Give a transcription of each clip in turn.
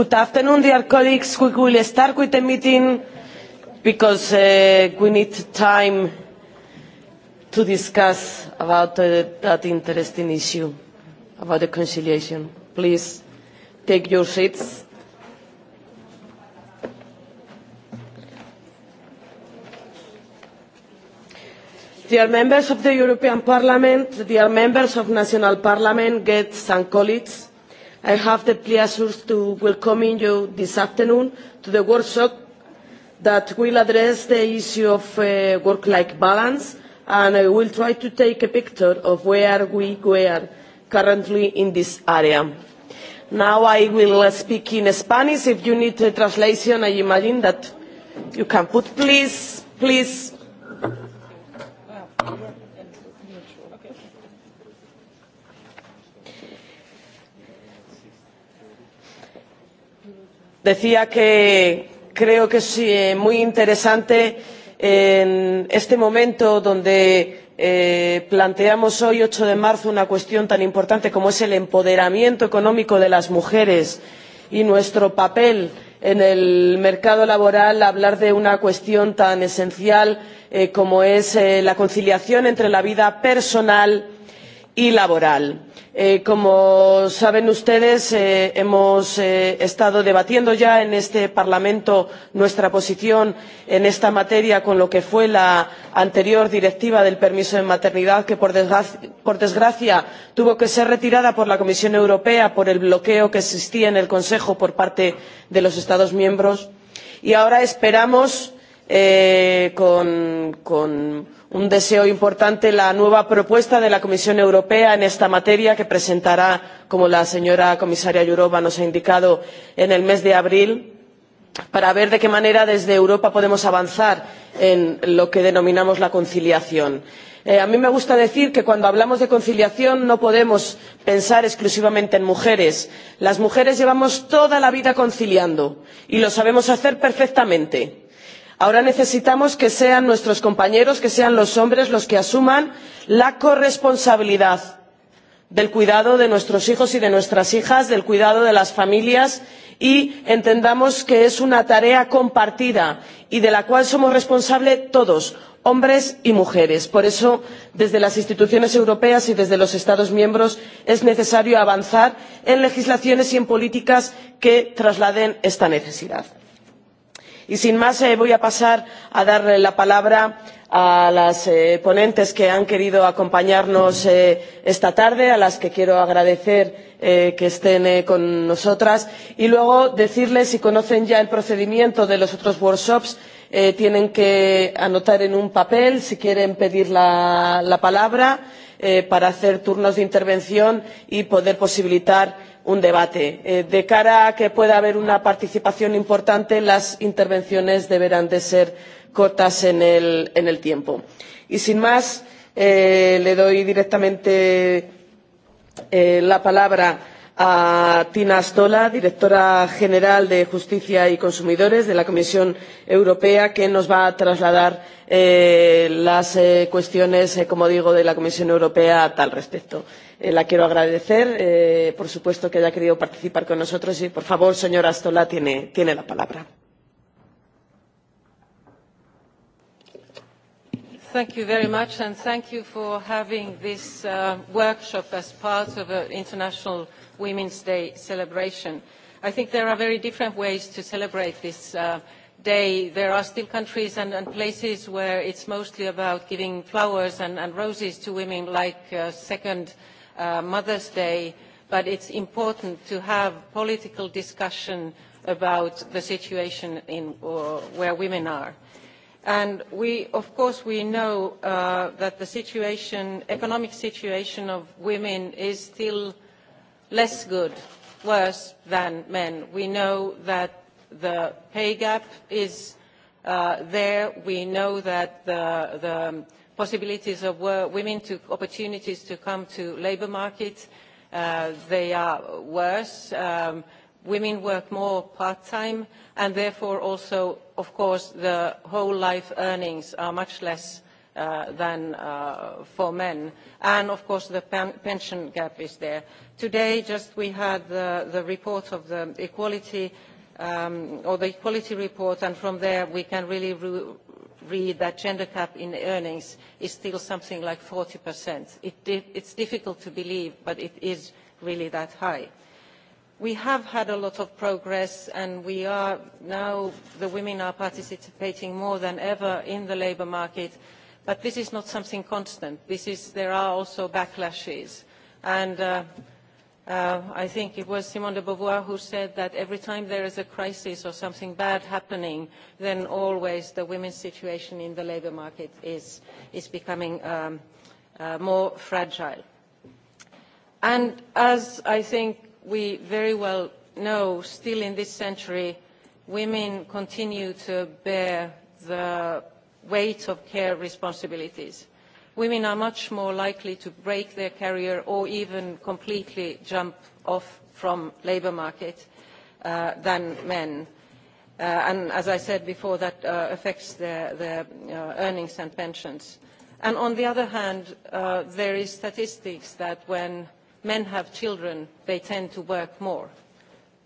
Good afternoon, dear colleagues. We will start with the meeting because uh, we need time to discuss about uh, that interesting issue about the conciliation. Please take your seats. Dear members of the European Parliament, dear members of national parliament, guests and colleagues, I have the pleasure to welcome you this afternoon to the workshop that will address the issue of work-life balance and I will try to take a picture of where we are currently in this area. Now I will speak in Spanish. If you need a translation, I imagine that you can put please, please. decía que creo que es muy interesante en este momento donde planteamos hoy ocho de marzo una cuestión tan importante como es el empoderamiento económico de las mujeres y nuestro papel en el mercado laboral hablar de una cuestión tan esencial como es la conciliación entre la vida personal y laboral como saben ustedes, hemos estado debatiendo ya en este Parlamento nuestra posición en esta materia con lo que fue la anterior directiva del permiso de maternidad, que por desgracia tuvo que ser retirada por la Comisión Europea por el bloqueo que existía en el Consejo por parte de los Estados miembros. Y ahora esperamos con un deseo importante la nueva propuesta de la comisión europea en esta materia que presentará como la señora comisaria jourová nos ha indicado en el mes de abril para ver de qué manera desde europa podemos avanzar en lo que denominamos la conciliación. a mí me gusta decir que cuando hablamos de conciliación no podemos pensar exclusivamente en mujeres. las mujeres llevamos toda la vida conciliando y lo sabemos hacer perfectamente ahora necesitamos que sean nuestros compañeros que sean los hombres los que asuman la corresponsabilidad del cuidado de nuestros hijos y de nuestras hijas del cuidado de las familias y entendamos que es una tarea compartida y de la cual somos responsables todos hombres y mujeres. por eso desde las instituciones europeas y desde los estados miembros es necesario avanzar en legislaciones y en políticas que trasladen esta necesidad y sin más voy a pasar a dar la palabra a las ponentes que han querido acompañarnos esta tarde a las que quiero agradecer que estén con nosotras y luego decirles si conocen ya el procedimiento de los otros workshops tienen que anotar en un papel si quieren pedir la palabra para hacer turnos de intervención y poder posibilitar un debate. de cara a que pueda haber una participación importante las intervenciones deberán ser cortas en el tiempo. y sin más le doy directamente la palabra a Tina Stola, directora general de Justicia y Consumidores de la Comisión Europea, que nos va a trasladar las cuestiones, como digo, de la Comisión Europea a tal respecto. la quiero agradecer, por supuesto, que haya querido participar con nosotros y, por favor, señora Stola, tiene la palabra. Thank you very much, and thank you for having this uh, workshop as part of an International Women's Day celebration. I think there are very different ways to celebrate this uh, day. There are still countries and, and places where it's mostly about giving flowers and, and roses to women, like uh, Second uh, Mother's Day, but it's important to have political discussion about the situation in, or where women are. And we, of course, we know uh, that the situation, economic situation of women is still less good, worse than men. We know that the pay gap is uh, there. We know that the, the possibilities of women to opportunities to come to labour market, uh, they are worse. Um, women work more part-time and therefore also, of course, the whole life earnings are much less than for men. And of course, the pension gap is there. Today, just we had the report of the equality or the equality report, and from there we can really read that gender gap in earnings is still something like 40%. It's difficult to believe, but it is really that high we have had a lot of progress and we are now the women are participating more than ever in the labour market but this is not something constant this is there are also backlashes and uh, uh, I think it was Simone de Beauvoir who said that every time there is a crisis or something bad happening, then always the women's situation in the labour market is, is becoming um, uh, more fragile. And as I think we very well know, still in this century, women continue to bear the weight of care responsibilities. Women are much more likely to break their career or even completely jump off from the labour market than men. and as I said before, that affects their, their earnings and pensions. And on the other hand, there is statistics that when – men have children, they tend to work more.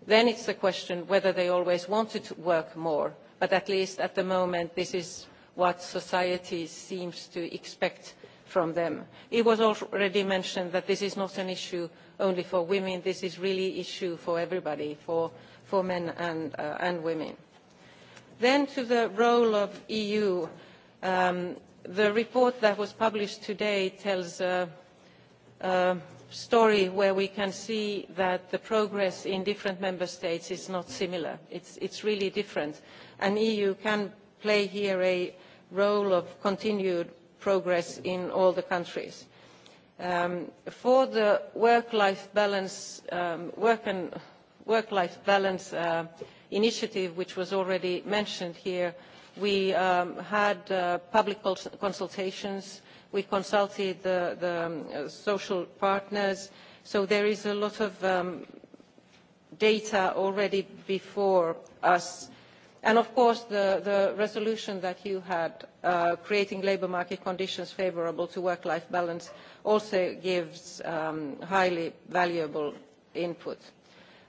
Then it's a question whether they always wanted to work more, but at least at the moment this is what society seems to expect from them. It was already mentioned that this is not an issue only for women, this is really an issue for everybody, for, for men and, uh, and women. Then to the role of EU, um, the report that was published today tells uh, uh, story where we can see that the progress in different member states is not similar. It's, is really different. And the EU can play here a role of continued progress in all the countries. Um, for the work-life balance, um, work and work-life balance uh, initiative, which was already mentioned here, we um, had uh, public consultations We consulted the, the social partners. So there is a lot of um, data already before us. And of course, the, the resolution that you had, uh, creating labour market conditions favourable to work-life balance, also gives um, highly valuable input.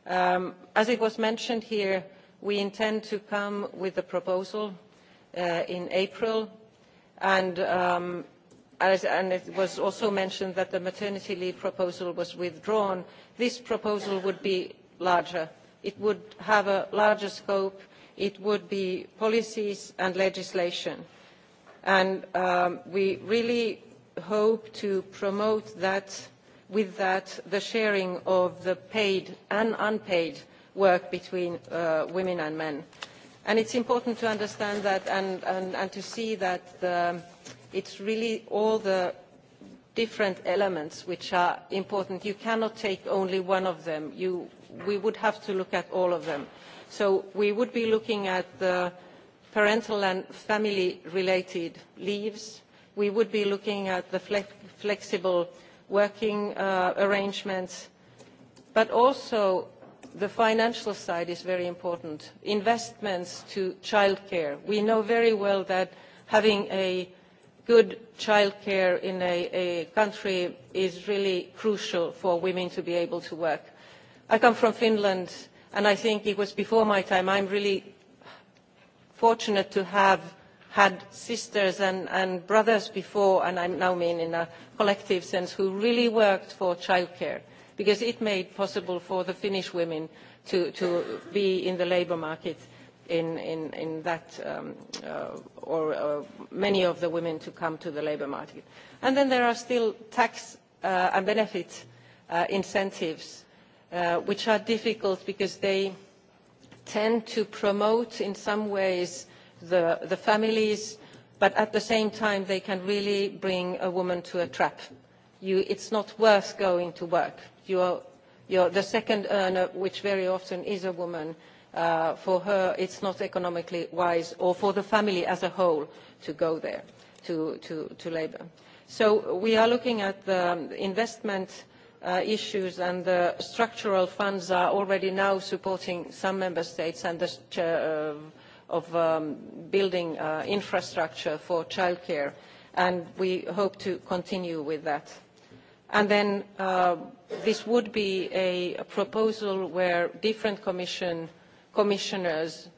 Um, as it was mentioned here, we intend to come with a proposal uh, in April, and um, and it was also mentioned that the maternity leave proposal was withdrawn, this proposal would be larger. It would have a larger scope. It would be policies and legislation. And we really hope to promote that, with that, the sharing of the paid and unpaid work between women and men. And it's important to understand that and, and, and to see that the it's really all the different elements which are important. You cannot take only one of them. You, we would have to look at all of them. So we would be looking at the parental and family-related leaves. We would be looking at the fle flexible working uh, arrangements. But also the financial side is very important. Investments to childcare. We know very well that having a good childcare in a, country is really crucial for women to be able to work. I come from Finland, and I think it was before my time. I'm really fortunate to have had sisters and, and brothers before, and I now mean in a collective sense, who really worked for childcare because it made possible for the Finnish women to, to be in the labour market in, in, in that um, uh, or uh, many of the women to come to the labour market. And then there are still tax uh, and benefit uh, incentives uh, which are difficult because they tend to promote in some ways the, the families but at the same time they can really bring a woman to a trap. You, it's not worth going to work. You are you're the second earner, which very often is a woman, uh, for her it's not economically wise or for the family as a whole to go there to, to, to labour. So we are looking at the investment issues and the structural funds are already now supporting some member states and the of building infrastructure for childcare and we hope to continue with that. And then this would be a proposal where different commission commissioners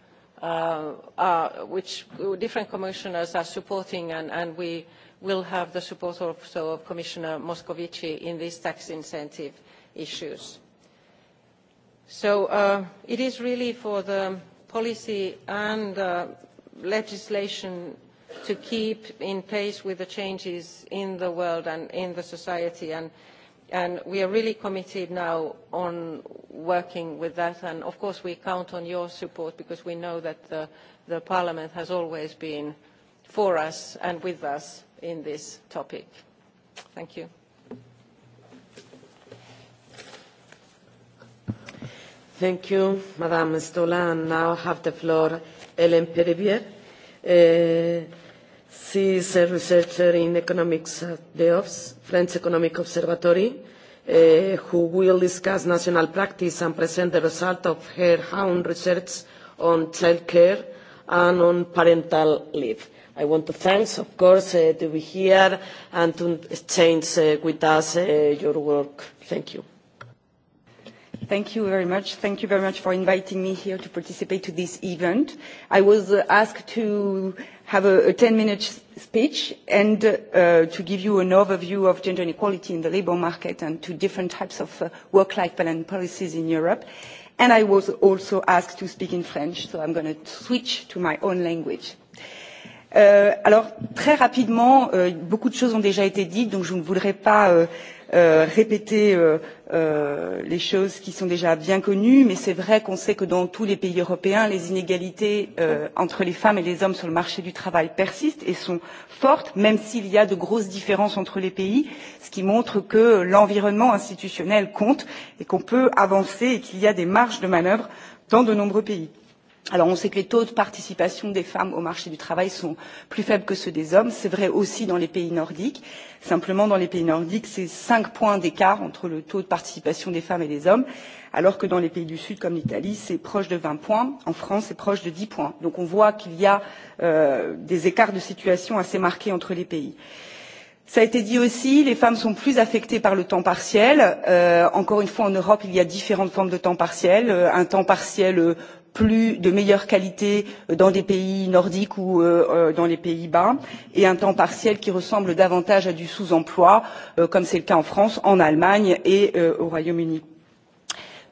uh, which different commissioners are supporting and, and we will have the support also of Commissioner Moscovici in these tax incentive issues. So uh, it is really for the policy and uh, legislation to keep in pace with the changes in the world and in the society and and we are really committed now on working with that and of course we count on your support because we know that the, parliament has always been for us and with us in this topic. Thank you. Thank you, madam stolojan. now i have the floor Ellen She is a researcher in economics at the OFS, French Economic Observatory, uh, who will discuss national practice and present the result of her own research on childcare and on parental leave. I want to thank, of course, uh, to be here and to exchange uh, with us uh, your work. Thank you. Thank you very much. Thank you very much for inviting me here to participate to this event. I was asked to have a, a 10-minute speech and uh, to give you an overview of gender inequality in the labour market and to different types of uh, work-life balance policies in Europe. And I was also asked to speak in French, so I'm going to switch to my own language. Euh, alors, très rapidement, euh, beaucoup de choses ont déjà été dites, donc je ne voudrais pas... Euh, répéter les choses qui sont déjà bien connues mais c'est vrai qu'on sait que dans tous les pays européens les inégalités entre les femmes et les hommes sur le marché du travail persistent et sont fortes même s'il y a de grosses différences entre les pays ce qui montre que l'environnement institutionnel compte et qu'on peut avancer et qu'il y a des marges de manœuvre dans de nombreux pays Alors on sait que les taux de participation des femmes au marché du travail sont plus faibles que ceux des hommes. C'est vrai aussi dans les pays nordiques. Simplement, dans les pays nordiques, c'est cinq points d'écart entre le taux de participation des femmes et des hommes, alors que dans les pays du Sud, comme l'Italie, c'est proche de vingt points. En France, c'est proche de dix points. Donc on voit qu'il y a des écarts de situation assez marqués entre les pays. Cela a été dit aussi, les femmes sont plus affectées par le temps partiel. encore une fois, en Europe, il y a différentes formes de temps partiel. un temps partiel plus de meilleure qualité dans des pays nordiques ou dans les Pays Bas et un temps partiel qui ressemble davantage à du sous emploi, comme c'est le cas en France, en Allemagne et au Royaume Uni.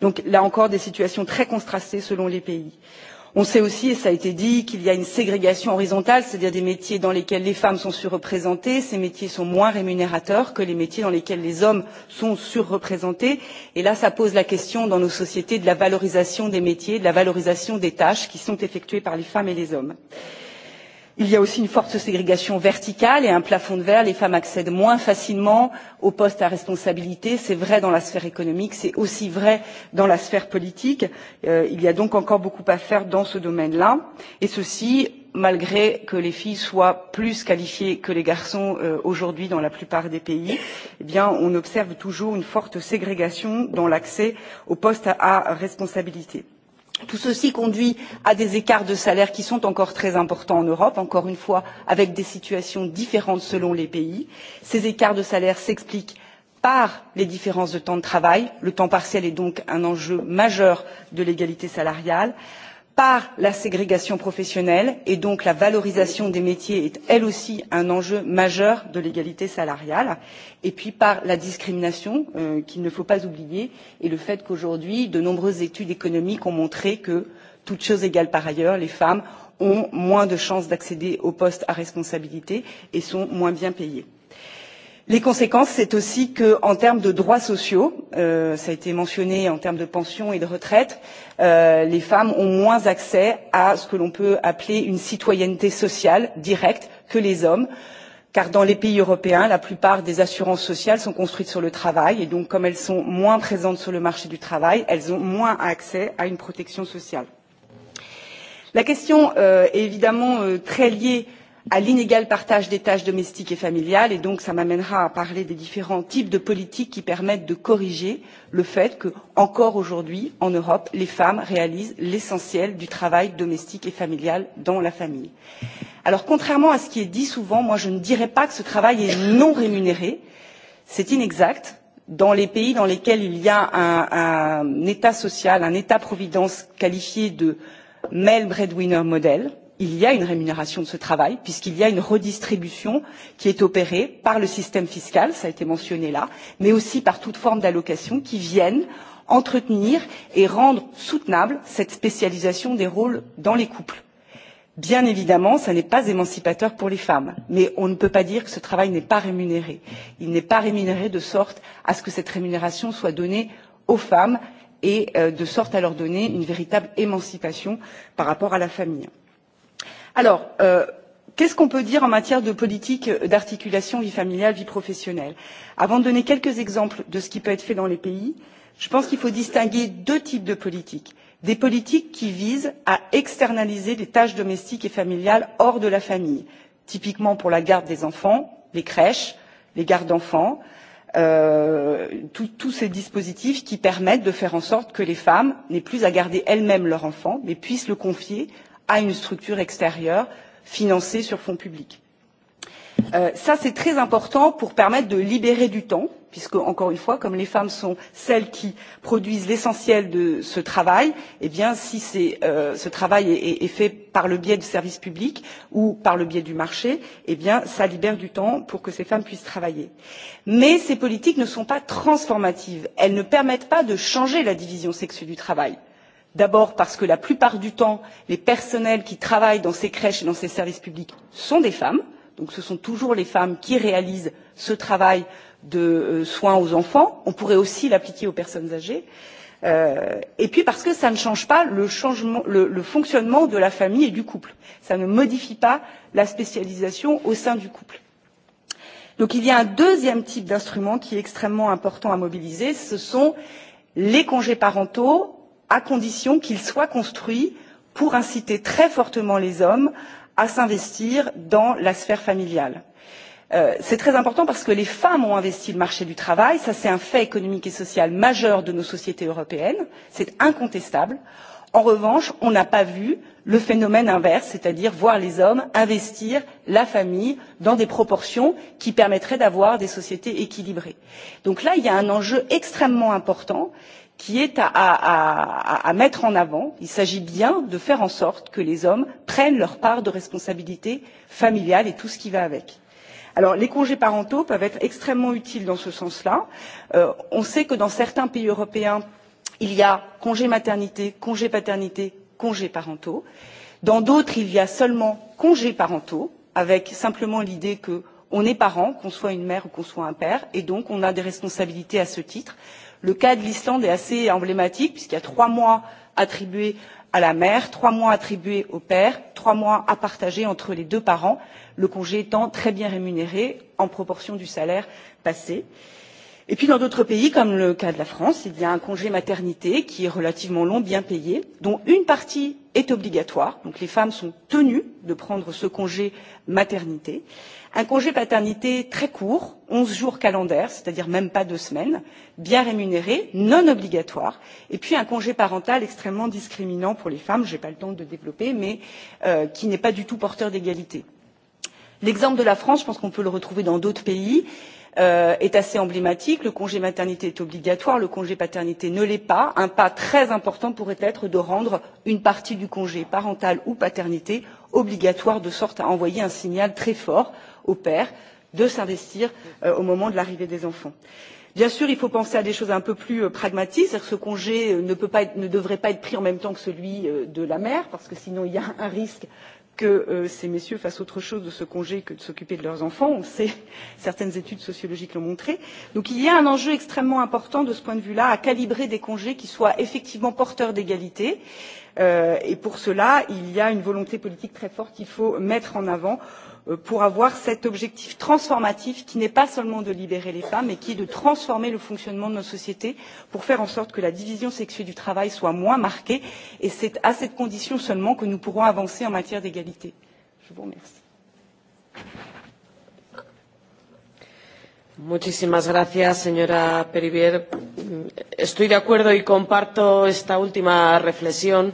Donc là encore des situations très contrastées selon les pays On sait aussi, et cela a été dit, qu'il y a une ségrégation horizontale, c'est-à-dire des métiers dans lesquels les femmes sont surreprésentées, ces métiers sont moins rémunérateurs que les métiers dans lesquels les hommes sont surreprésentés. Et là, cela pose la question dans nos sociétés de la valorisation des métiers, de la valorisation des tâches qui sont effectuées par les femmes et les hommes. il Il y a aussi une forte ségrégation verticale et un plafond de verre. Les femmes accèdent moins facilement aux postes à responsabilité. C'est vrai dans la sphère économique, c'est aussi vrai dans la sphère politique. Euh, il y a donc encore beaucoup à faire dans ce domaine-là. Et ceci malgré que les filles soient plus qualifiées que les garçons euh, aujourd'hui dans la plupart des pays, eh bien, on observe toujours une forte ségrégation dans l'accès aux postes à, à responsabilité Tout ceci conduit à des écarts de salaire qui sont encore très importants en Europe, encore une fois avec des situations différentes selon les pays. Ces écarts de salaire s'expliquent par les différences de temps de travail. Le temps partiel est donc un enjeu majeur de l'égalité salariale par la ségrégation professionnelle et donc la valorisation des métiers est elle aussi un enjeu majeur de l'égalité salariale et puis par la discrimination qu'il ne faut pas oublier et le fait qu'aujourd'hui de nombreuses études économiques ont montré que toutes choses égales par ailleurs les femmes ont moins de chances d'accéder aux postes à responsabilité et sont moins bien payées. Les conséquences, c'est aussi que, en termes de droits sociaux, euh, ça a été mentionné en termes de pension et de retraite, euh, les femmes ont moins accès à ce que l'on peut appeler une citoyenneté sociale directe que les hommes, car dans les pays européens, la plupart des assurances sociales sont construites sur le travail, et donc comme elles sont moins présentes sur le marché du travail, elles ont moins accès à une protection sociale. La question est évidemment très liée à l'inégal partage des tâches domestiques et familiales et donc cela m'amènera à parler des différents types de politiques qui permettent de corriger le fait que encore aujourd'hui en europe les femmes réalisent l'essentiel du travail domestique et familial dans la famille. alors contrairement à ce qui est dit souvent moi je ne dirais pas que ce travail est non rémunéré c'est inexact dans les pays dans lesquels il y a un, état social un état providence qualifié de male breadwinner model il y a une rémunération de ce travail puisqu'il y a une redistribution qui est opérée par le système fiscal cela a été mentionné là mais aussi par toute forme d'allocation qui viennent entretenir et rendre soutenable cette spécialisation des rôles dans les couples. bien évidemment ce n'est pas émancipateur pour les femmes mais on ne peut pas dire que ce travail n'est pas rémunéré. il n'est pas rémunéré de sorte à ce que cette rémunération soit donnée aux femmes et de sorte à leur donner une véritable émancipation par rapport à la famille alors qu'est ce qu'on peut dire en matière de politique d'articulation vie familiale vie professionnelle? avant de donner quelques exemples de ce qui peut être fait dans les pays je pense qu'il faut distinguer deux types de politiques des politiques qui visent à externaliser les tâches domestiques et familiales hors de la famille typiquement pour la garde des enfants les crèches les gardes d'enfants tous ces dispositifs qui permettent de faire en sorte que les femmes n'aient plus à garder elles mêmes leur enfant mais puissent le confier à une structure extérieure financée sur fonds publics. Ça, c'est très important pour permettre de libérer du temps, puisque, encore une fois, comme les femmes sont celles qui produisent l'essentiel de ce travail, eh bien, si ce travail est, fait par le biais du service public ou par le biais du marché, eh bien, ça libère du temps pour que ces femmes puissent travailler. Mais ces politiques ne sont pas transformatives. Elles ne permettent pas de changer la division sexuelle du travail D'abord parce que la plupart du temps, les personnels qui travaillent dans ces crèches et dans ces services publics sont des femmes. Donc ce sont toujours les femmes qui réalisent ce travail de soins aux enfants. On pourrait aussi l'appliquer aux personnes âgées. et puis parce que ça ne change pas le, le fonctionnement de la famille et du couple. Ça ne modifie pas la spécialisation au sein du couple. Donc il y a un deuxième type d'instrument qui est extrêmement important à mobiliser, ce sont les congés parentaux à condition qu'il soit construit pour inciter très fortement les hommes à s'investir dans la sphère familiale. c'est très important parce que les femmes ont investi le marché du travail, ça c'est un fait économique et social majeur de nos sociétés européennes, c'est incontestable. En revanche, on n'a pas vu le phénomène inverse, c'est-à-dire voir les hommes investir la famille dans des proportions qui permettraient d'avoir des sociétés équilibrées. Donc là, il y a un enjeu extrêmement important, qui est à, à, à, à mettre en avant. Il s'agit bien de faire en sorte que les hommes prennent leur part de responsabilité familiale et tout ce qui va avec. Alors, les congés parentaux peuvent être extrêmement utiles dans ce sens-là. Euh, on sait que dans certains pays européens, il y a congé maternité, congé paternité, congés parentaux. Dans d'autres, il y a seulement congés parentaux, avec simplement l'idée qu'on est parent, qu'on soit une mère ou qu'on soit un père, et donc on a des responsabilités à ce titre le cas de l'islande est assez emblématique puisqu'il y a trois mois attribués à la mère trois mois attribués au père trois mois à partager entre les deux parents le congé étant très bien rémunéré en proportion du salaire passé et puis dans d'autres pays comme le cas de la france il y a un congé maternité qui est relativement long bien payé dont une partie est obligatoire donc les femmes sont tenues de prendre ce congé maternité un congé paternité très court onze jours calendaires c'est à dire même pas deux semaines bien rémunéré non obligatoire et puis un congé parental extrêmement discriminant pour les femmes je n'ai pas le temps de développer mais qui n'est pas du tout porteur d'égalité. l'exemple de la france je pense qu'on peut le retrouver dans d'autres pays est assez emblématique le congé maternité est obligatoire le congé paternité ne l'est pas un pas très important pourrait être de rendre une partie du congé parental ou paternité obligatoire de sorte à envoyer un signal très fort aux pères de s'investir au moment de l'arrivée des enfants. Bien sûr, il faut penser à des choses un peu plus pragmatiques, c'est-à-dire que ce congé ne, peut pas être, ne devrait pas être pris en même temps que celui de la mère, parce que sinon il y a un risque que ces messieurs fassent autre chose de ce congé que de s'occuper de leurs enfants. On le sait, certaines études sociologiques l'ont montré. Donc il y a un enjeu extrêmement important de ce point de vue-là à calibrer des congés qui soient effectivement porteurs d'égalité. et pour cela, il y a une volonté politique très forte qu'il faut mettre en avant pour avoir cet objectif transformatif qui n'est pas seulement de libérer les femmes mais qui est de transformer le fonctionnement de nos sociétés pour faire en sorte que la division sexuée du travail soit moins marquée et c'est à cette condition seulement que nous pourrons avancer en matière d'égalité. Je vous remercie. Muchísimas gracias, señora Perivier. Estoy de acuerdo y comparto esta última reflexión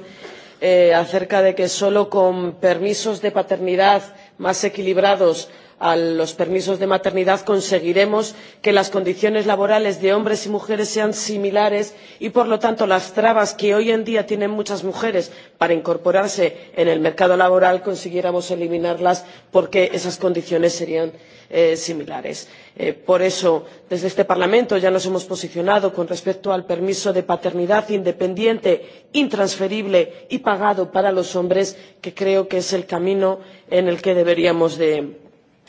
acerca de que solo con permisos de paternidad más equilibrados a los permisos de maternidad conseguiremos que las condiciones laborales de hombres y mujeres sean similares y por lo tanto las trabas que hoy en día tienen muchas mujeres para incorporarse en el mercado laboral consiguiéramos eliminarlas porque esas condiciones serían similares. por eso desde este parlamento ya nos hemos posicionado con respecto al permiso de paternidad independiente intransferible y pagado para los hombres que creo que es el camino en el que deberíamos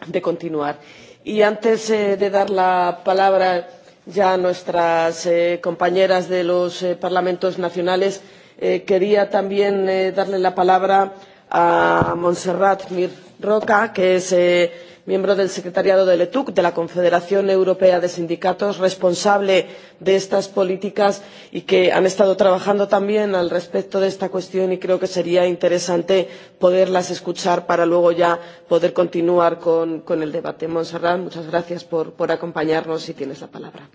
de continuar. Y antes de dar la palabra ya a nuestras compañeras de los parlamentos nacionales, quería también darle la palabra a Montserrat Mir Roca, que es miembro del secretariado de letuc de la confederación europea de sindicatos responsable de estas políticas y que han estado trabajando también al respecto de esta cuestión y creo que sería interesante poderlas escuchar para luego ya poder continuar con el debate. montserrat muchas gracias por acompañarnos y tienes la palabra.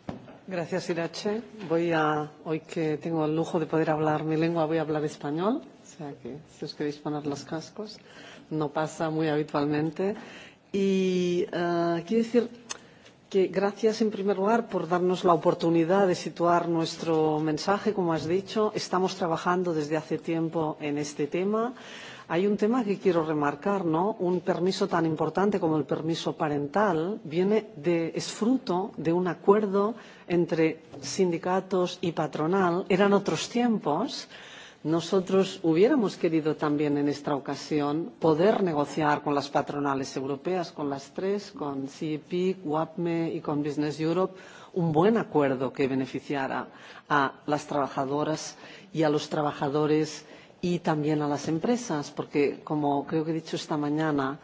Gracias, Irache. Voy a, hoy que tengo el lujo de poder hablar mi lengua, voy a hablar español. O sea que si os queréis poner los cascos, no pasa muy habitualmente. Y uh, quiero decir que gracias en primer lugar por darnos la oportunidad de situar nuestro mensaje, como has dicho. Estamos trabajando desde hace tiempo en este tema. Hay un tema que quiero remarcar, ¿no? Un permiso tan importante como el permiso parental viene de, es fruto de un acuerdo entre sindicatos y patronal. Eran otros tiempos. Nosotros hubiéramos querido también en esta ocasión poder negociar con las patronales europeas, con las tres, con CEP, WAPME y con Business Europe, un buen acuerdo que beneficiara a las trabajadoras y a los trabajadores y también a las empresas, porque, como creo que he dicho esta mañana,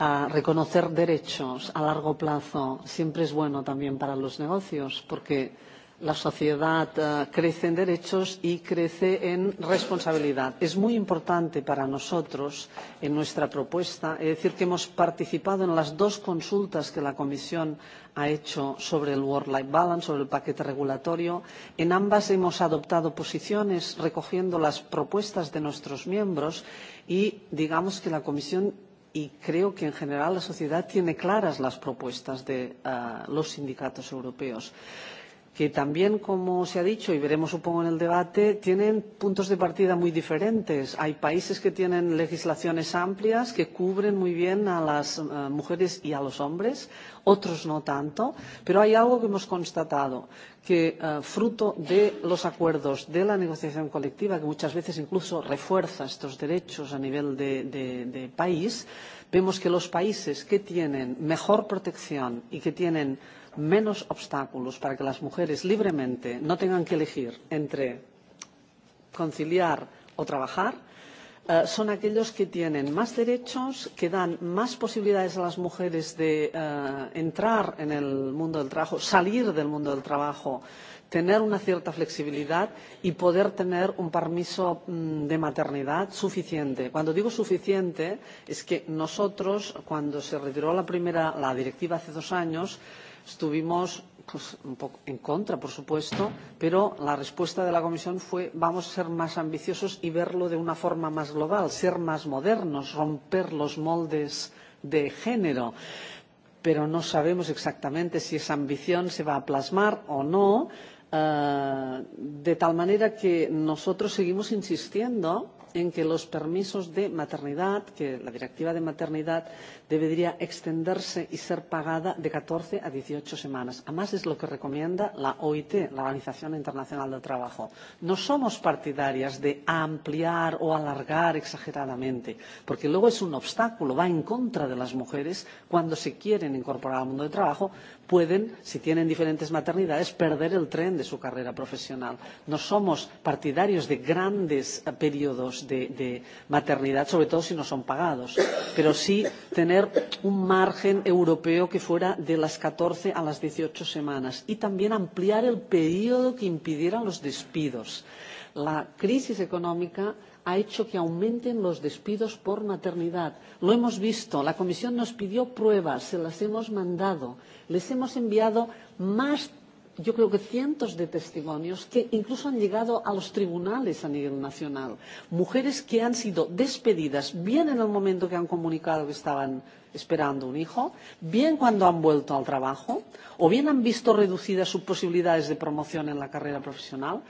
a reconocer derechos a largo plazo siempre es bueno también para los negocios, porque la sociedad crece en derechos y crece en responsabilidad. Es muy importante para nosotros, en nuestra propuesta, es decir, que hemos participado en las dos consultas que la Comisión ha hecho sobre el Work-Life Balance, sobre el paquete regulatorio. En ambas hemos adoptado posiciones recogiendo las propuestas de nuestros miembros y digamos que la Comisión y creo que en general la sociedad tiene claras las propuestas de los sindicatos europeos que también, como se ha dicho, y veremos supongo en el debate, tienen puntos de partida muy diferentes. Hay países que tienen legislaciones amplias que cubren muy bien a las mujeres y a los hombres, otros no tanto, pero hay algo que hemos constatado, que fruto de los acuerdos de la negociación colectiva, que muchas veces incluso refuerza estos derechos a nivel de, país, vemos que los países que tienen mejor protección y que tienen menos obstáculos para que las mujeres libremente no tengan que elegir entre conciliar o trabajar son aquellos que tienen más derechos, que dan más posibilidades a las mujeres de entrar en el mundo del trabajo, salir del mundo del trabajo tener una cierta flexibilidad y poder tener un permiso de maternidad suficiente. Cuando digo suficiente es que nosotros, cuando se retiró la primera, la directiva hace dos años, estuvimos pues, un poco en contra, por supuesto, pero la respuesta de la Comisión fue vamos a ser más ambiciosos y verlo de una forma más global, ser más modernos, romper los moldes de género. Pero no sabemos exactamente si esa ambición se va a plasmar o no, de tal manera que nosotros seguimos insistiendo en que los permisos de maternidad, que la directiva de maternidad debería extenderse y ser pagada de 14 a 18 semanas. Además es lo que recomienda la OIT, la Organización Internacional del Trabajo. No somos partidarias de ampliar o alargar exageradamente, porque luego es un obstáculo, va en contra de las mujeres cuando se quieren incorporar al mundo del trabajo, pueden, si tienen diferentes maternidades, perder el tren de su carrera profesional. No somos partidarios de grandes periodos de, de maternidad, sobre todo si no son pagados, pero sí tener un margen europeo que fuera de las 14 a las 18 semanas y también ampliar el periodo que impidieran los despidos. La crisis económica ha hecho que aumenten los despidos por maternidad. Lo hemos visto. La Comisión nos pidió pruebas, se las hemos mandado. Les hemos enviado más yo creo que cientos de testimonios que incluso han llegado a los tribunales a nivel nacional. Mujeres que han sido despedidas, bien en el momento que han comunicado que estaban esperando un hijo, bien cuando han vuelto al trabajo, o bien han visto reducidas sus posibilidades de promoción en la carrera profesional,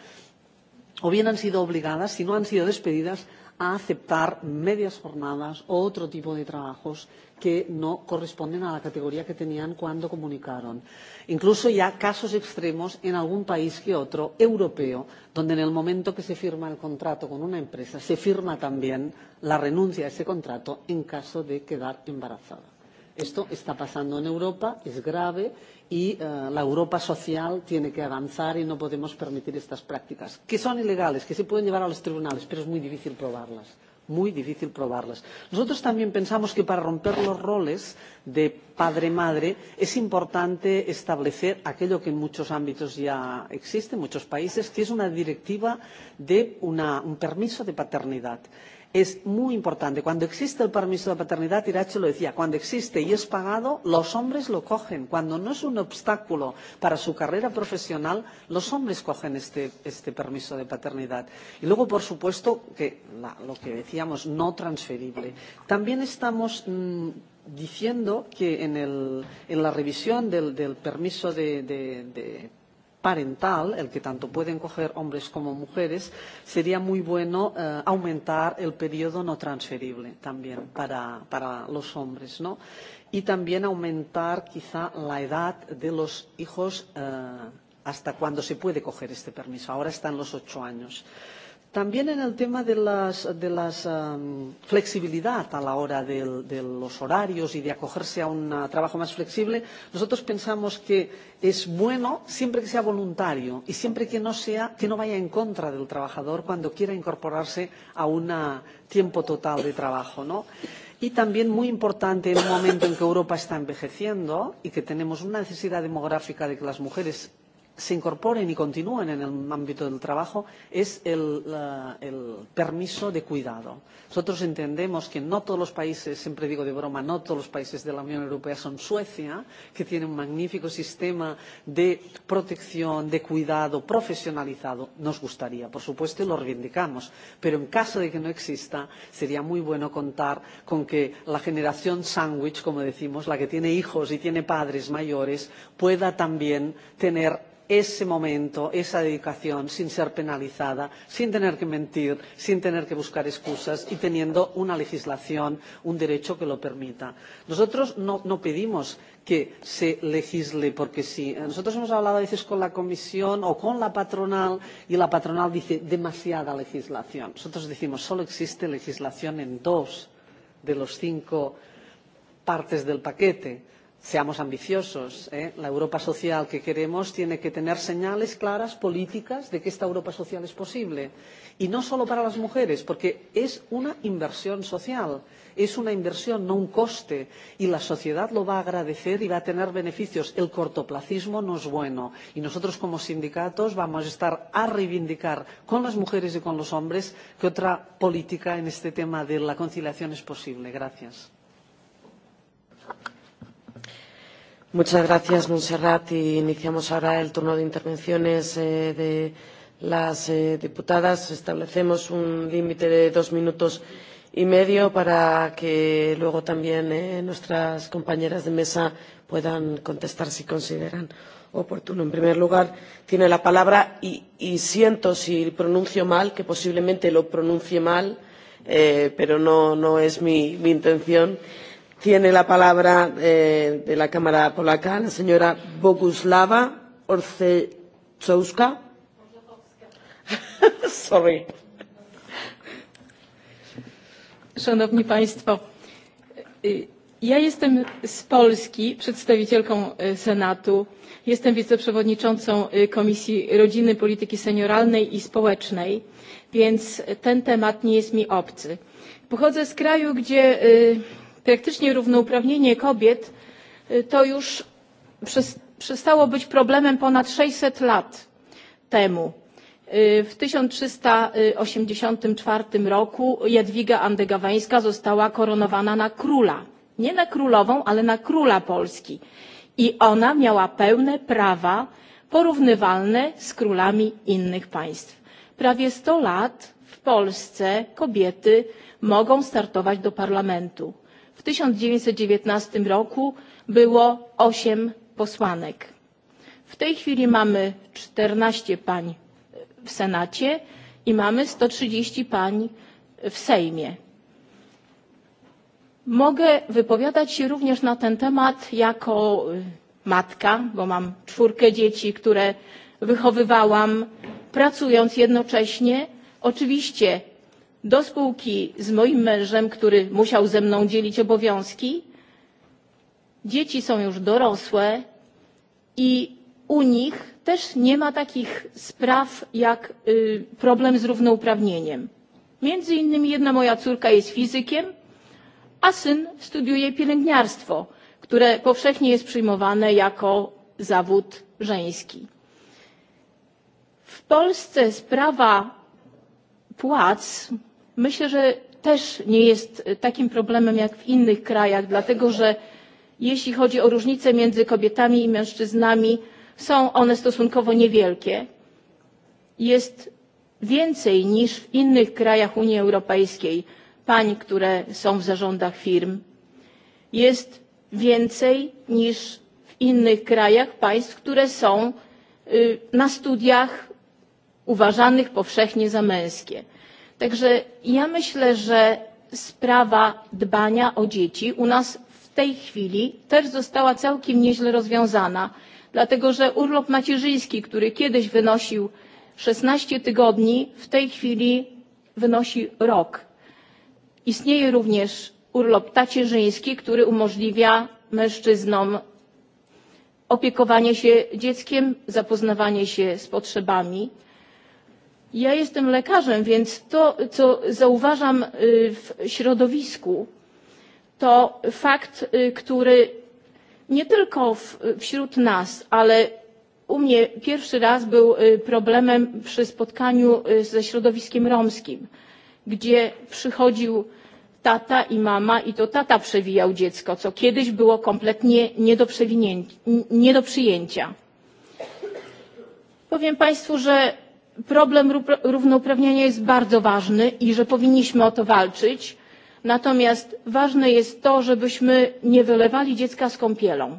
o bien han sido obligadas, si no han sido despedidas, a aceptar medias jornadas o otro tipo de trabajos que no corresponden a la categoría que tenían cuando comunicaron. Incluso ya casos extremos en algún país que otro europeo, donde en el momento que se firma el contrato con una empresa, se firma también la renuncia a ese contrato en caso de quedar embarazada. Esto está pasando en Europa, es grave y uh, la Europa social tiene que avanzar y no podemos permitir estas prácticas, que son ilegales, que se pueden llevar a los tribunales, pero es muy difícil probarlas muy difícil probarlas. Nosotros también pensamos que para romper los roles de padre-madre es importante establecer aquello que en muchos ámbitos ya existe, en muchos países, que es una directiva de una, un permiso de paternidad es muy importante. Cuando existe el permiso de paternidad, Tirache lo decía, cuando existe y es pagado, los hombres lo cogen. Cuando no es un obstáculo para su carrera profesional, los hombres cogen este, este permiso de paternidad. Y luego, por supuesto, que la, lo que decíamos, no transferible. También estamos. Mmm, diciendo que en, el, en la revisión del, del permiso de, de, de parental, el que tanto pueden coger hombres como mujeres, sería muy bueno eh, aumentar el periodo no transferible también para, para los hombres, ¿no? Y también aumentar quizá la edad de los hijos eh, hasta cuando se puede coger este permiso. Ahora están los ocho años. Eh, También en el tema de la de las, um, flexibilidad a la hora de, de los horarios y de acogerse a un uh, trabajo más flexible, nosotros pensamos que es bueno siempre que sea voluntario y siempre que no, sea, que no vaya en contra del trabajador cuando quiera incorporarse a un tiempo total de trabajo. ¿no? Y también muy importante en un momento en que Europa está envejeciendo y que tenemos una necesidad demográfica de que las mujeres se incorporen y continúen en el ámbito del trabajo es el, permiso de cuidado. Nosotros entendemos que no todos los países, siempre digo de broma, no todos los países de la Unión Europea son Suecia, que tiene un magnífico sistema de protección, de cuidado profesionalizado. Nos gustaría, por supuesto, y lo reivindicamos. Pero en caso de que no exista, sería muy bueno contar con que la generación sándwich, como decimos, la que tiene hijos y tiene padres mayores, pueda también tener ese momento, esa dedicación, sin ser penalizada, sin tener que mentir, sin tener que buscar excusas y teniendo una legislación, un derecho que lo permita. Nosotros no, pedimos que se legisle porque sí. Nosotros hemos hablado a veces con la Comisión o con la patronal y la patronal dice demasiada legislación. Nosotros decimos solo existe legislación en dos de los cinco partes del paquete seamos ambiciosos. ¿eh? La Europa social que queremos tiene que tener señales claras, políticas, de que esta Europa social es posible. Y no solo para las mujeres, porque es una inversión social, es una inversión, no un coste. Y la sociedad lo va a agradecer y va a tener beneficios. El cortoplacismo no es bueno. Y nosotros como sindicatos vamos a estar a reivindicar con las mujeres y con los hombres que otra política en este tema de la conciliación es posible. Gracias. Muchas gracias, Monserrat, Y iniciamos ahora el turno de intervenciones eh, de las eh, diputadas. Establecemos un límite de dos minutos y medio para que luego también eh, nuestras compañeras de mesa puedan contestar si consideran oportuno. En primer lugar, tiene la palabra y, y siento si pronuncio mal, que posiblemente lo pronuncie mal, eh, pero no, no es mi, mi intención. Tiene la palabra eh, de la Cámara Polaca la señora Boguslava Orzechowska. Sorry. Szanowni Państwo, ja jestem z Polski, przedstawicielką Senatu. Jestem wiceprzewodniczącą Komisji Rodziny, Polityki Senioralnej i Społecznej, więc ten temat nie jest mi obcy. Pochodzę z kraju, gdzie praktycznie równouprawnienie kobiet to już przestało być problemem ponad 600 lat temu. W 1384 roku Jadwiga Andegaweńska została koronowana na króla. Nie na królową, ale na króla Polski. I ona miała pełne prawa porównywalne z królami innych państw. Prawie 100 lat w Polsce kobiety mogą startować do parlamentu W 1919 roku było 8 posłanek. W tej chwili mamy 14 pań w Senacie i mamy 130 pań w Sejmie. Mogę wypowiadać się również na ten temat jako matka, bo mam czwórkę dzieci, które wychowywałam, pracując jednocześnie. Oczywiście do spółki z moim mężem, który musiał ze mną dzielić obowiązki. Dzieci są już dorosłe i u nich też nie ma takich spraw jak problem z równouprawnieniem. Między innymi jedna moja córka jest fizykiem, a syn studiuje pielęgniarstwo, które powszechnie jest przyjmowane jako zawód żeński. W Polsce sprawa płac myślę, że też nie jest takim problemem jak w innych krajach, dlatego że jeśli chodzi o różnice między kobietami i mężczyznami, są one stosunkowo niewielkie. Jest więcej niż w innych krajach Unii Europejskiej pań, które są w zarządach firm. Jest więcej niż w innych krajach państw, które są na studiach uważanych powszechnie za męskie. Także ja myślę, że sprawa dbania o dzieci u nas w tej chwili też została całkiem nieźle rozwiązana, dlatego że urlop macierzyński, który kiedyś wynosił 16 tygodni, w tej chwili wynosi rok. Istnieje również urlop tacierzyński, który umożliwia mężczyznom opiekowanie się dzieckiem, zapoznawanie się z potrzebami Ja jestem lekarzem, więc to, co zauważam w środowisku, to fakt, który nie tylko wśród nas, ale u mnie pierwszy raz był problemem przy spotkaniu ze środowiskiem romskim, gdzie przychodził tata i mama i to tata przewijał dziecko, co kiedyś było kompletnie nie do, nie do przyjęcia. Powiem Państwu, że problem równouprawnienia jest bardzo ważny i że powinniśmy o to walczyć. Natomiast ważne jest to, żebyśmy nie wylewali dziecka z kąpielą.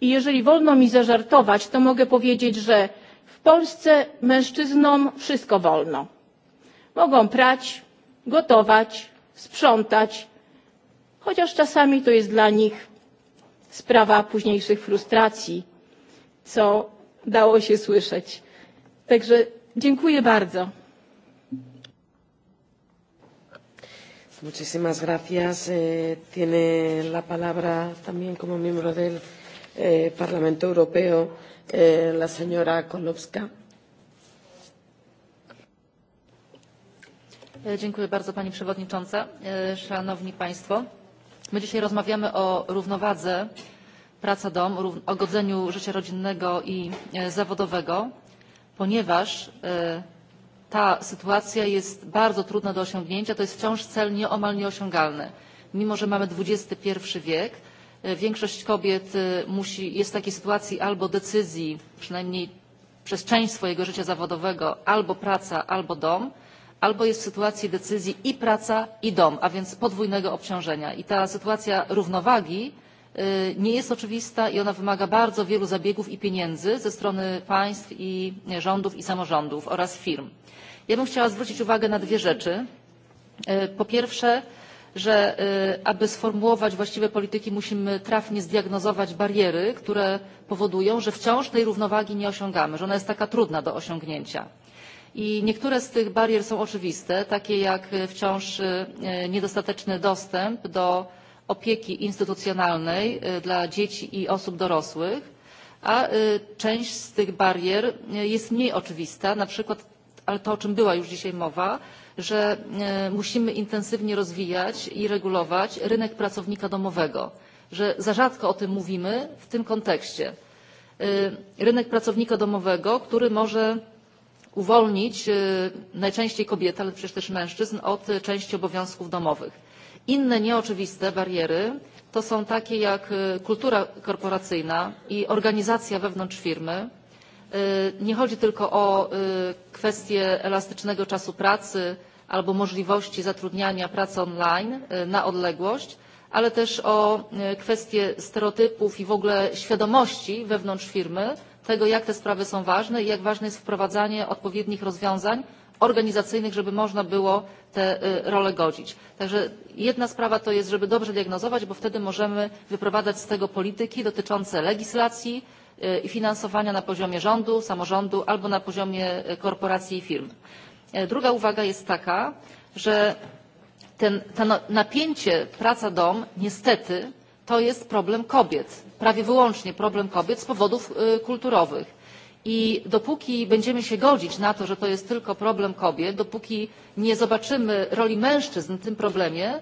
I jeżeli wolno mi zażartować, to mogę powiedzieć, że w Polsce mężczyznom wszystko wolno. Mogą prać, gotować, sprzątać, chociaż czasami to jest dla nich sprawa późniejszych frustracji, co dało się słyszeć. Także dziękuję bardzo. Muchísimas gracias. Eh, tiene la palabra también como miembro del eh, Parlamento Europeo eh, la señora Kolowska. Dziękuję bardzo Pani Przewodnicząca. Szanowni Państwo, my dzisiaj rozmawiamy o równowadze praca-dom, o godzeniu życia rodzinnego i zawodowego ponieważ ta sytuacja jest bardzo trudna do osiągnięcia. To jest wciąż cel nieomal nieosiągalny. Mimo, że mamy XXI wiek, większość kobiet musi, jest w takiej sytuacji albo decyzji, przynajmniej przez część swojego życia zawodowego, albo praca, albo dom, albo jest w sytuacji decyzji i praca, i dom, a więc podwójnego obciążenia. I ta sytuacja równowagi nie jest oczywista i ona wymaga bardzo wielu zabiegów i pieniędzy ze strony państw i rządów i samorządów oraz firm. Ja bym chciała zwrócić uwagę na dwie rzeczy. Po pierwsze, że aby sformułować właściwe polityki, musimy trafnie zdiagnozować bariery, które powodują, że wciąż tej równowagi nie osiągamy, że ona jest taka trudna do osiągnięcia. I niektóre z tych barier są oczywiste, takie jak wciąż niedostateczny dostęp do opieki instytucjonalnej dla dzieci i osób dorosłych, a część z tych barier jest mniej oczywista, na przykład, ale to o czym była już dzisiaj mowa, że musimy intensywnie rozwijać i regulować rynek pracownika domowego, że za rzadko o tym mówimy w tym kontekście. Rynek pracownika domowego, który może uwolnić najczęściej kobiety, ale przecież też mężczyzn od części obowiązków domowych Inne nieoczywiste bariery to są takie jak kultura korporacyjna i organizacja wewnątrz firmy. Nie chodzi tylko o kwestie elastycznego czasu pracy albo możliwości zatrudniania pracy online na odległość, ale też o kwestie stereotypów i w ogóle świadomości wewnątrz firmy, tego, jak te sprawy są ważne i jak ważne jest wprowadzanie odpowiednich rozwiązań organizacyjnych, żeby można było te role godzić. Także jedna sprawa to jest, żeby dobrze diagnozować, bo wtedy możemy wyprowadzać z tego polityki dotyczące legislacji i finansowania na poziomie rządu, samorządu albo na poziomie korporacji i firm. Druga uwaga jest taka, że ten, to napięcie praca-dom niestety to jest problem kobiet prawie wyłącznie problem kobiet z powodów kulturowych. I dopóki będziemy się godzić na to, że to jest tylko problem kobiet, dopóki nie zobaczymy roli mężczyzn w tym problemie,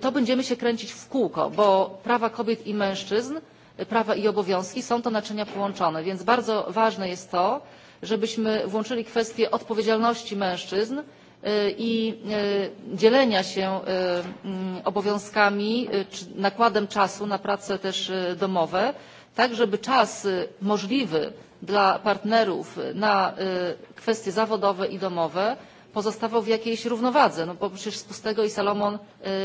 to będziemy się kręcić w kółko, bo prawa kobiet i mężczyzn, prawa i obowiązki są to naczynia połączone, więc bardzo ważne jest to, żebyśmy włączyli kwestię odpowiedzialności mężczyzn i dzielenia się obowiązkami, czy nakładem czasu na prace też domowe, tak żeby czas możliwy dla partnerów na kwestie zawodowe i domowe pozostawał w jakiejś równowadze, no bo przecież z pustego i Salomon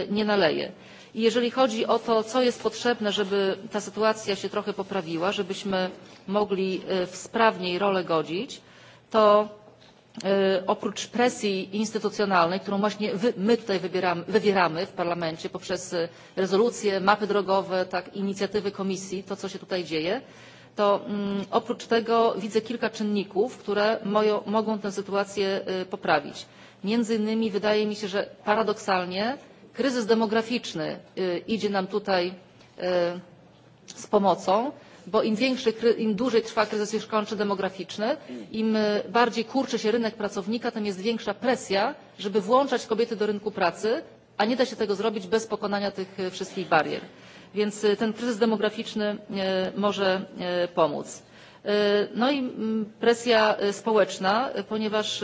nie naleje. I jeżeli chodzi o to, co jest potrzebne, żeby ta sytuacja się trochę poprawiła, żebyśmy mogli sprawniej role godzić, to oprócz presji instytucjonalnej, którą właśnie my tutaj wywieramy w parlamencie poprzez rezolucje, mapy drogowe, inicjatywy komisji, to co się tutaj dzieje, to oprócz tego widzę kilka czynników, które mogą tę sytuację poprawić. Między innymi wydaje mi się, że paradoksalnie kryzys demograficzny idzie nam tutaj z pomocą, bo im, większy, im dłużej trwa kryzys już kończy demograficzny, im bardziej kurczy się rynek pracownika, tym jest większa presja, żeby włączać kobiety do rynku pracy, a nie da się tego zrobić bez pokonania tych wszystkich barier. Więc ten kryzys demograficzny może pomóc. No i presja społeczna, ponieważ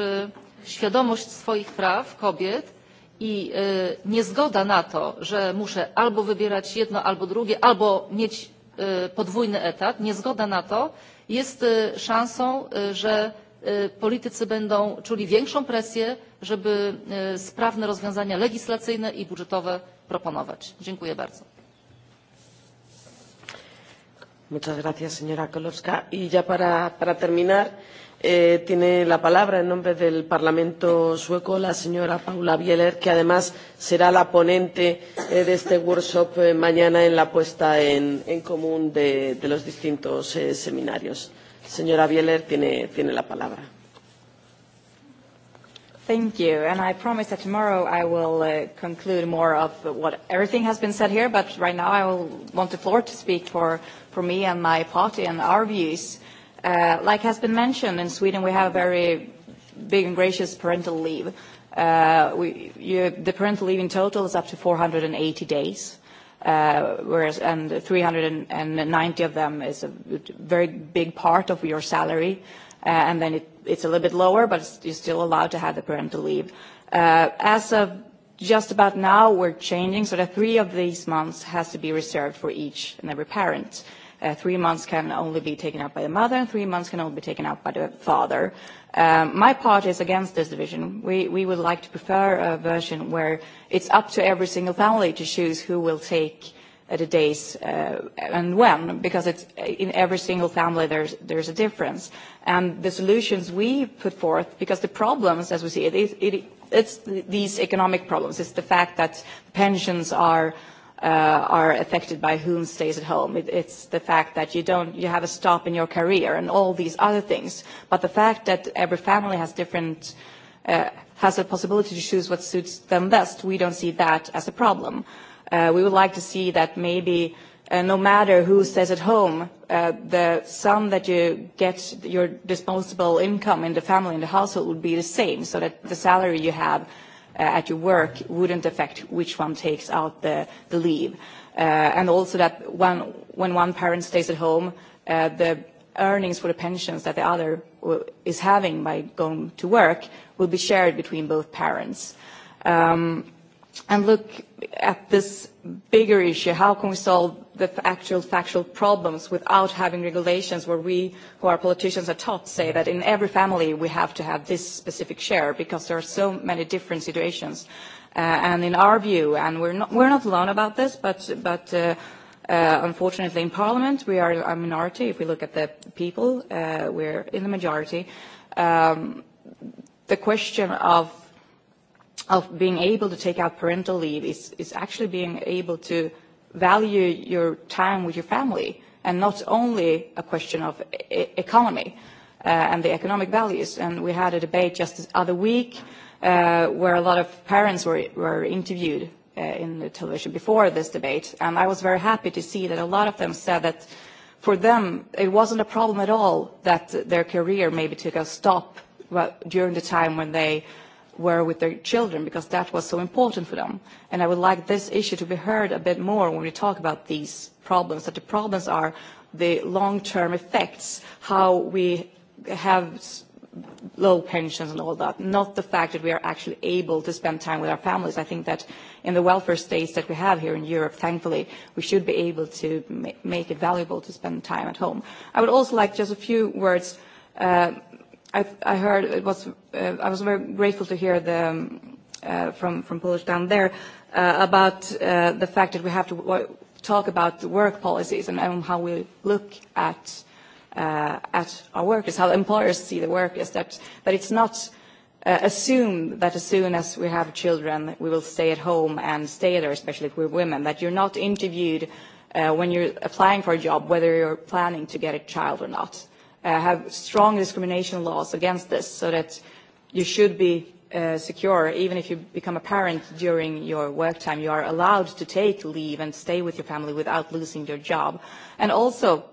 świadomość swoich praw kobiet i niezgoda na to, że muszę albo wybierać jedno, albo drugie, albo mieć podwójny etat. Niezgoda na to jest szansą, że politycy będą czuli większą presję, żeby sprawne rozwiązania legislacyjne i budżetowe proponować. Dziękuję bardzo. Muchas gracias, señora Kolowska. Y ya para terminar, tiene la palabra en nombre del Parlamento sueco la señora Paula Bieler, que además será la ponente de este workshop mañana en la puesta en, común de, los distintos seminarios. Señora Bieler tiene, la palabra. Thank you. And I promise that tomorrow I will uh, conclude more of what everything has been said here, but right now I will want the floor to speak for, for me and my party and our views Uh, like has been mentioned, in Sweden we have a very big and gracious parental leave. Uh, we, you, the parental leave in total is up to 480 days, uh, whereas and 390 of them is a very big part of your salary, uh, and then it, it's a little bit lower, but it's, you're still allowed to have the parental leave. Uh, as of just about now, we're changing so that three of these months has to be reserved for each and every parent. Uh, uh, three months can only be taken out by the mother and three months can only be taken out by the father. Um, my part is against this division. We, we would like to prefer a version where it's up to every single family to choose who will take uh, the days uh, and when, because it's, in every single family there's, there's a difference. And the solutions we put forth, because the problems, as we see it, it, it it's these economic problems. It's the fact that pensions are – uh, are affected by whom stays at home. It, it's the fact that you don't, you have a stop in your career and all these other things. But the fact that every family has different, uh, has a possibility to choose what suits them best, we don't see that as a problem. Uh, we would like to see that maybe uh, no matter who stays at home, uh, the sum that you get your disposable income in the family, in the household, would be the same, so that the salary you have at your work wouldn't affect which one takes out the, the leave. Uh, and also that one, when one parent stays at home, uh, the earnings for the pensions that the other w is having by going to work will be shared between both parents. Um, and look at this bigger issue. How can we solve the actual factual problems without having regulations where we, who are politicians at top, say that in every family we have to have this specific share because there are so many different situations. Uh, and in our view, and we're not, we're not alone about this, but, but uh, uh, unfortunately in Parliament we are a minority. If we look at the people, uh, we're in the majority. Um, the question of of being able to take out parental leave is, is actually being able to value your time with your family and not only a question of e economy uh, and the economic values. And we had a debate just the other week uh, where a lot of parents were, were interviewed uh, in the television before this debate. And I was very happy to see that a lot of them said that for them it wasn't a problem at all that their career maybe took a stop during the time when they were with their children because that was so important for them. And I would like this issue to be heard a bit more when we talk about these problems, that the problems are the long-term effects, how we have low pensions and all that, not the fact that we are actually able to spend time with our families. I think that in the welfare states that we have here in Europe, thankfully, we should be able to make it valuable to spend time at home. I would also like just a few words I, I heard it was uh, I was very grateful to hear the um, uh, from from Polish down there uh, about uh, the fact that we have to w- talk about the work policies and and how we look at uh, at our workers, how employers see the workers. That that it's not uh, assume that as soon as we have children, we will stay at home and stay there, especially if we're women. That you're not interviewed uh, when you're applying for a job, whether you're planning to get a child or not uh, have strong discrimination laws against this so that you should be uh, secure even if you become a parent during your work time you are allowed to take leave and stay with your family without losing your job and also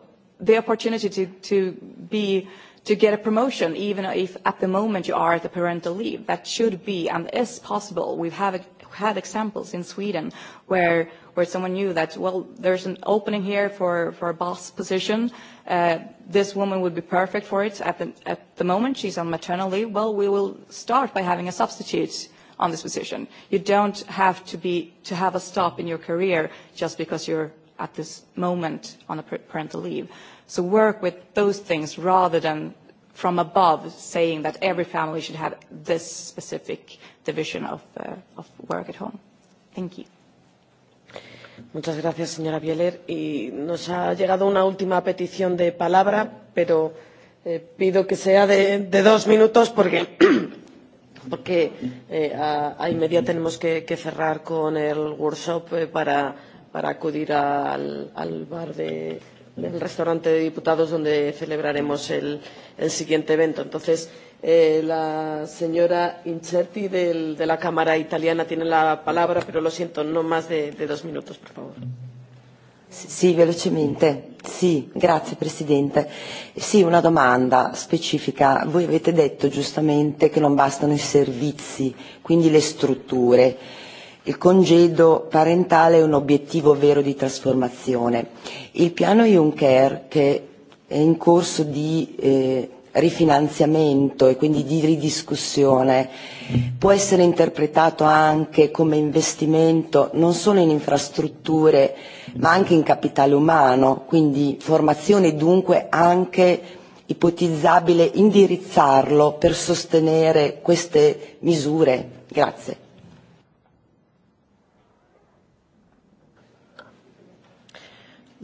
the opportunity to, to be to get a promotion even if at the moment you are at the parental leave that should be and is possible we have had examples in sweden where where someone knew that, well, there's an opening here for, for a boss position. Uh, this woman would be perfect for it. At the, at the moment, she's on maternal leave. Well, we will start by having a substitute on this position. You don't have to, be, to have a stop in your career just because you're at this moment on a parental leave. So work with those things rather than from above saying that every family should have this specific division of, uh, of work at home. Thank you. Muchas gracias, señora Bieler. Y nos ha llegado una última petición de palabra, pero pido que sea de, dos minutos porque, a, inmediato tenemos que, cerrar con el workshop para, acudir al, bar del restaurante de diputados donde celebraremos el, el siguiente evento. Entonces, la señora Incerti della de la Cámara Italiana tiene la palabra, pero lo siento, no más de, de dos minutos, por favor. Sì, velocemente. Sì, grazie Presidente. Sì, una domanda specifica. Voi avete detto giustamente che non bastano i servizi, quindi le strutture. Il congedo parentale è un obiettivo vero di trasformazione. Il piano Juncker, che è in corso di eh, rifinanziamento e quindi di ridiscussione può essere interpretato anche come investimento non solo in infrastrutture ma anche in capitale umano, quindi formazione dunque anche ipotizzabile indirizzarlo per sostenere queste misure? Grazie.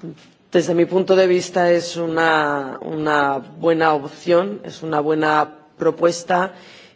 Mm desde mi punto de vista es una, una buena opción, es una buena propuesta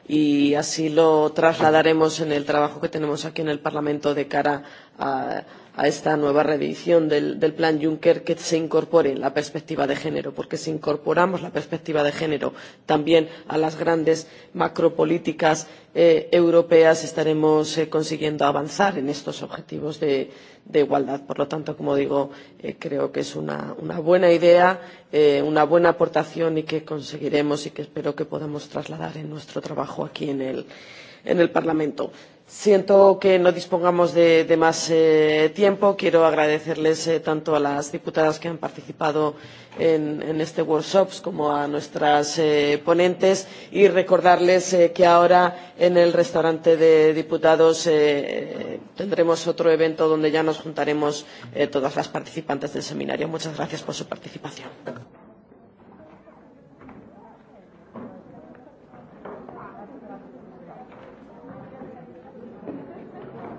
y así lo trasladaremos en el trabajo que tenemos aquí en el Parlamento de cara a a esta nueva revisión del, del plan Juncker que se incorpore la perspectiva de género, porque si incorporamos la perspectiva de género también a las grandes macropolíticas eh, europeas, estaremos eh, consiguiendo avanzar en estos objetivos de, de igualdad. Por lo tanto, como digo, eh, creo que es una, una buena idea, eh, una buena aportación y que conseguiremos y que espero que podamos trasladar en nuestro trabajo aquí en el, en el Parlamento. Siento que no dispongamos de, de más eh, tiempo. Quiero agradecerles eh, tanto a las diputadas que han participado en, en este workshop como a nuestras eh, ponentes y recordarles eh, que ahora en el restaurante de diputados eh, tendremos otro evento donde ya nos juntaremos eh, todas las participantes del seminario. Muchas gracias por su participación.